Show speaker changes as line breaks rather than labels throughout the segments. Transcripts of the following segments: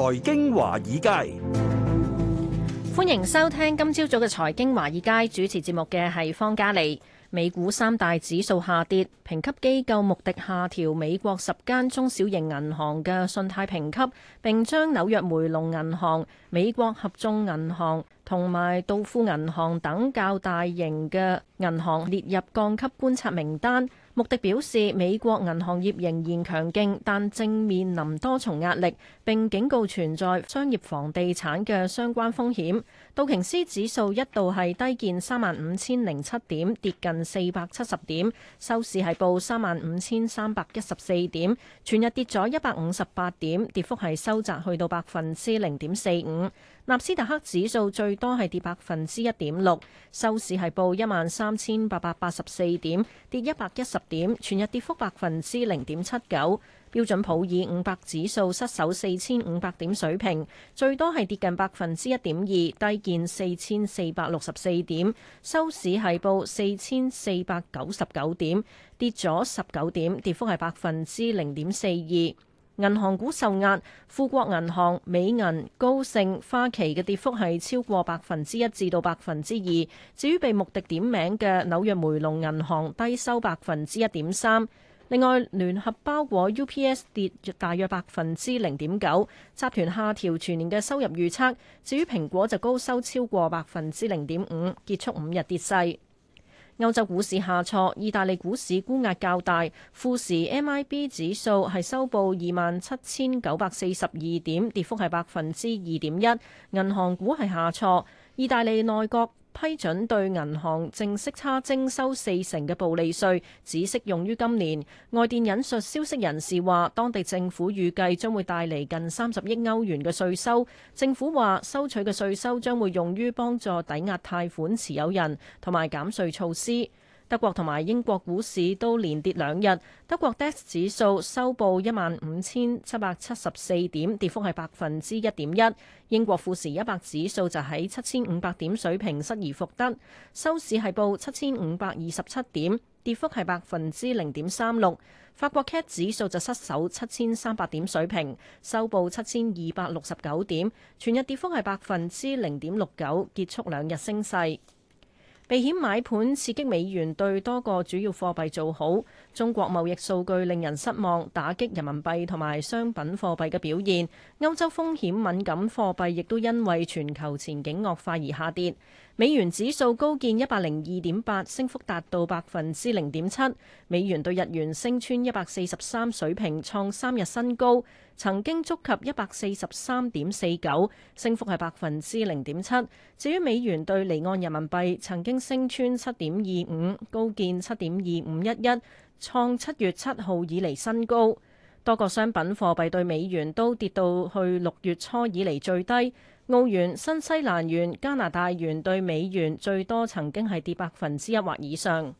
財經華爾街，
歡迎收聽今朝早嘅財經華爾街，主持節目嘅係方嘉莉。美股三大指數下跌，評級機構穆迪下調美國十間中小型銀行嘅信貸評級，並將紐約梅隆銀行、美國合眾銀行同埋道富銀行等較大型嘅銀行列入降級觀察名單。目的表示，美國銀行業仍然強勁，但正面臨多重壓力，並警告存在商業房地產嘅相關風險。道瓊斯指數一度係低見三萬五千零七點，跌近四百七十點，收市係報三萬五千三百一十四點，全日跌咗一百五十八點，跌幅係收窄去到百分之零點四五。納斯達克指數最多係跌百分之一點六，收市係報一萬三千八百八十四點，跌一百一十。點全日跌幅百分之零點七九。標準普爾五百指數失守四千五百點水平，最多係跌近百分之一點二，低見四千四百六十四點，收市係報四千四百九十九點，跌咗十九點，跌幅係百分之零點四二。銀行股受壓，富國銀行、美銀、高盛、花旗嘅跌幅係超過百分之一至到百分之二。至於被目的點名嘅紐約梅隆銀行低收百分之一點三。另外，聯合包裹 UPS 跌大約百分之零點九，集團下調全年嘅收入預測。至於蘋果就高收超過百分之零點五，結束五日跌勢。歐洲股市下挫，意大利股市沽壓較大，富時 MIB 指數係收報二萬七千九百四十二點，跌幅係百分之二點一。銀行股係下挫，意大利內閣。批准對銀行正息差徵收四成嘅暴利稅，只適用於今年。外電引述消息人士話，當地政府預計將會帶嚟近三十億歐元嘅稅收。政府話，收取嘅稅收將會用於幫助抵押貸款持有人同埋減稅措施。德國同埋英國股市都連跌兩日。德國 DAX 指數收報一萬五千七百七十四點，跌幅係百分之一點一。英國富時一百指數就喺七千五百點水平失而復得，收市係報七千五百二十七點，跌幅係百分之零點三六。法國 CAC 指數就失守七千三百點水平，收報七千二百六十九點，全日跌幅係百分之零點六九，結束兩日升勢。避險買盤刺激美元對多個主要貨幣做好，中國貿易數據令人失望，打擊人民幣同埋商品貨幣嘅表現。歐洲風險敏感貨幣亦都因為全球前景惡化而下跌。美元指數高見一百零二點八，升幅達到百分之零點七。美元對日元升穿一百四十三水平，創三日新高，曾經觸及一百四十三點四九，升幅係百分之零點七。至於美元對離岸人民幣，曾經升穿七點二五，高見七點二五一一，創七月七號以嚟新高。多個商品貨幣對美元都跌到去六月初以嚟最低。澳元、新西蘭元、加拿大元對美元最多曾經係跌百分之一或以上。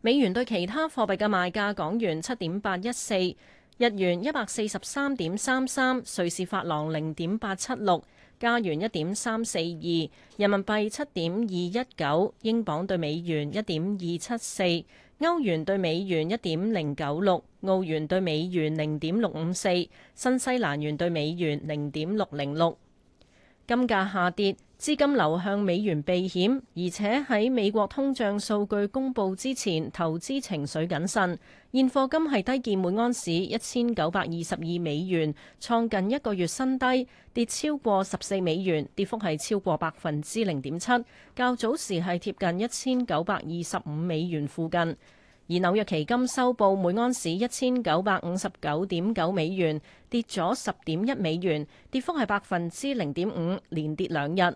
美元對其他貨幣嘅賣價：港元七點八一四，日元一百四十三點三三，瑞士法郎零點八七六，加元一點三四二，人民幣七點二一九，英鎊對美元一點二七四，歐元對美元一點零九六，澳元對美元零點六五四，新西蘭元對美元零點六零六。金價下跌，資金流向美元避險，而且喺美國通脹數據公布之前，投資情緒謹慎。現貨金係低見每安士一千九百二十二美元，創近一個月新低，跌超過十四美元，跌幅係超過百分之零點七。較早時係貼近一千九百二十五美元附近。而紐約期金收報每盎司一千九百五十九點九美元，跌咗十點一美元，跌幅係百分之零點五，連跌兩日。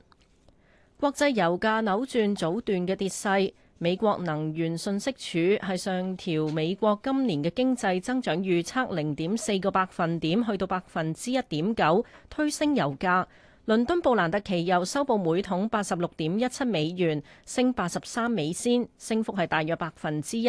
國際油價扭轉早段嘅跌勢，美國能源信息署係上調美國今年嘅經濟增長預測零點四個百分點，去到百分之一點九，推升油價。倫敦布蘭特期油收報每桶八十六點一七美元，升八十三美仙，升幅係大約百分之一。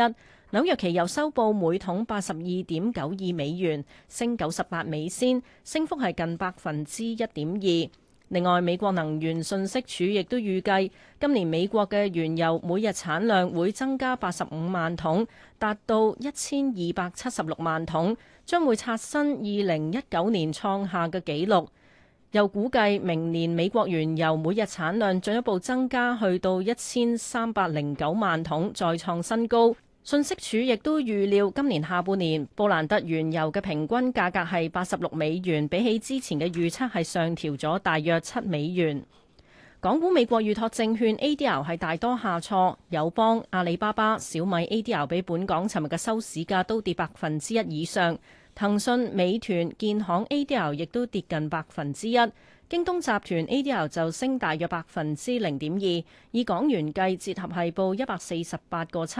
紐約期油收報每桶八十二點九二美元，升九十八美仙，升幅係近百分之一點二。另外，美國能源信息署亦都預計，今年美國嘅原油每日產量會增加八十五萬桶，達到一千二百七十六萬桶，將會刷新二零一九年創下嘅紀錄。又估計明年美國原油每日產量進一步增加，去到一千三百零九萬桶，再創新高。信息署亦都預料今年下半年布蘭特原油嘅平均價格係八十六美元，比起之前嘅預測係上調咗大約七美元。港股美國預託證券 ADR 係大多下挫，友邦、阿里巴巴、小米 ADR 比本港尋日嘅收市價都跌百分之一以上。騰訊、美團、建行 ADR 亦都跌近百分之一，京東集團 ADR 就升大約百分之零點二，以港元計，折合係報一百四十八個七。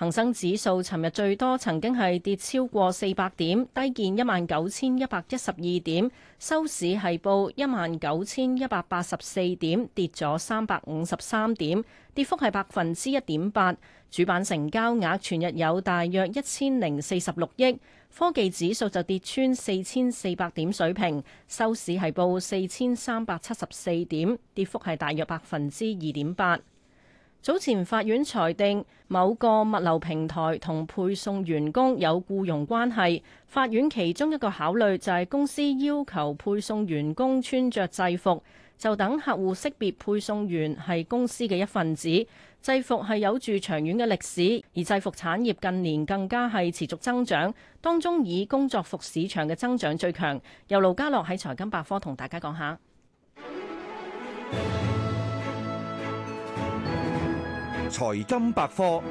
恆生指數尋日最多曾經係跌超過四百點，低見一萬九千一百一十二點，收市係報一萬九千一百八十四點，跌咗三百五十三點，跌幅係百分之一點八。主板成交額全日有大約一千零四十六億。科技指數就跌穿四千四百點水平，收市係報四千三百七十四點，跌幅係大約百分之二點八。早前法院裁定某個物流平台同配送員工有僱傭關係。法院其中一個考慮就係公司要求配送員工穿着制服，就等客戶識別配送員係公司嘅一份子。制服係有住長遠嘅歷史，而制服產業近年更加係持續增長。當中以工作服市場嘅增長最強。由盧家樂喺財經百科同大家講下。
財金百科。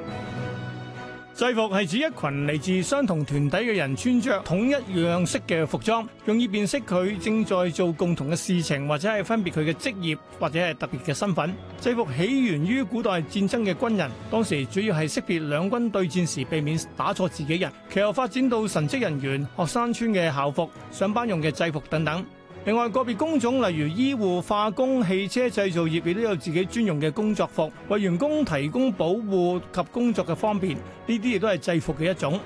制服係指一群嚟自相同團體嘅人穿着統一樣式嘅服裝，用以辨識佢正在做共同嘅事情，或者係分別佢嘅職業或者係特別嘅身份。制服起源於古代戰爭嘅軍人，當時主要係識別兩軍對戰時避免打錯自己人，其後發展到神職人員、學生穿嘅校服、上班用嘅制服等等。另外，個別工種例如醫護、化工、汽車製造業，亦都有自己專用嘅工作服，為員工提供保護及工作嘅方便。呢啲亦都係制服嘅一種。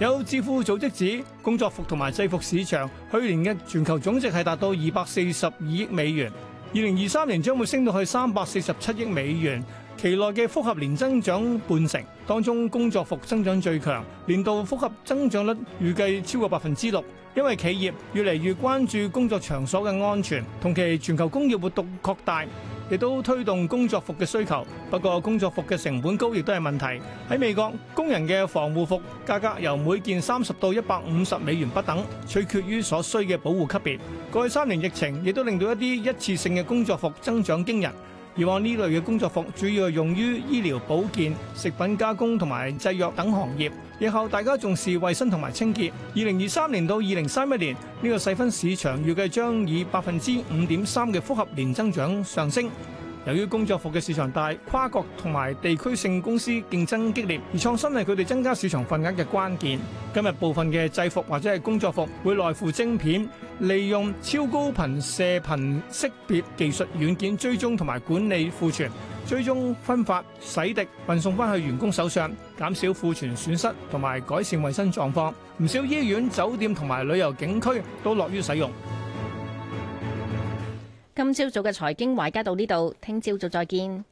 有智庫組織指，工作服同埋制服市場去年嘅全球總值係達到二百四十二億美元，二零二三年將會升到去三百四十七億美元。期內嘅複合年增長半成，當中工作服增長最強，年度複合增長率預計超過百分之六。因為企業越嚟越關注工作場所嘅安全，同期全球工業活動擴大，亦都推動工作服嘅需求。不過工作服嘅成本高亦都係問題。喺美國，工人嘅防護服價格由每件三十到一百五十美元不等，取決於所需嘅保護級別。過去三年疫情亦都令到一啲一次性嘅工作服增長驚人。以往呢類嘅工作服主要用於醫療保健、食品加工同埋製藥等行業。日後大家重視衛生同埋清潔。二零二三年到二零三一年，呢個細分市場預計將以百分之五點三嘅複合年增長上升。由於工作服嘅市場大，跨國同埋地區性公司競爭激烈，而創新係佢哋增加市場份額嘅關鍵。今日部分嘅制服或者係工作服會內附晶片，利用超高頻射頻識別技術軟件追蹤同埋管理庫存，追蹤分發、洗滌、運送翻去員工手上，減少庫存損失同埋改善衞生狀況。唔少醫院、酒店同埋旅遊景區都樂於使用。
今朝早嘅財經華爾街到呢度，聽朝早再見。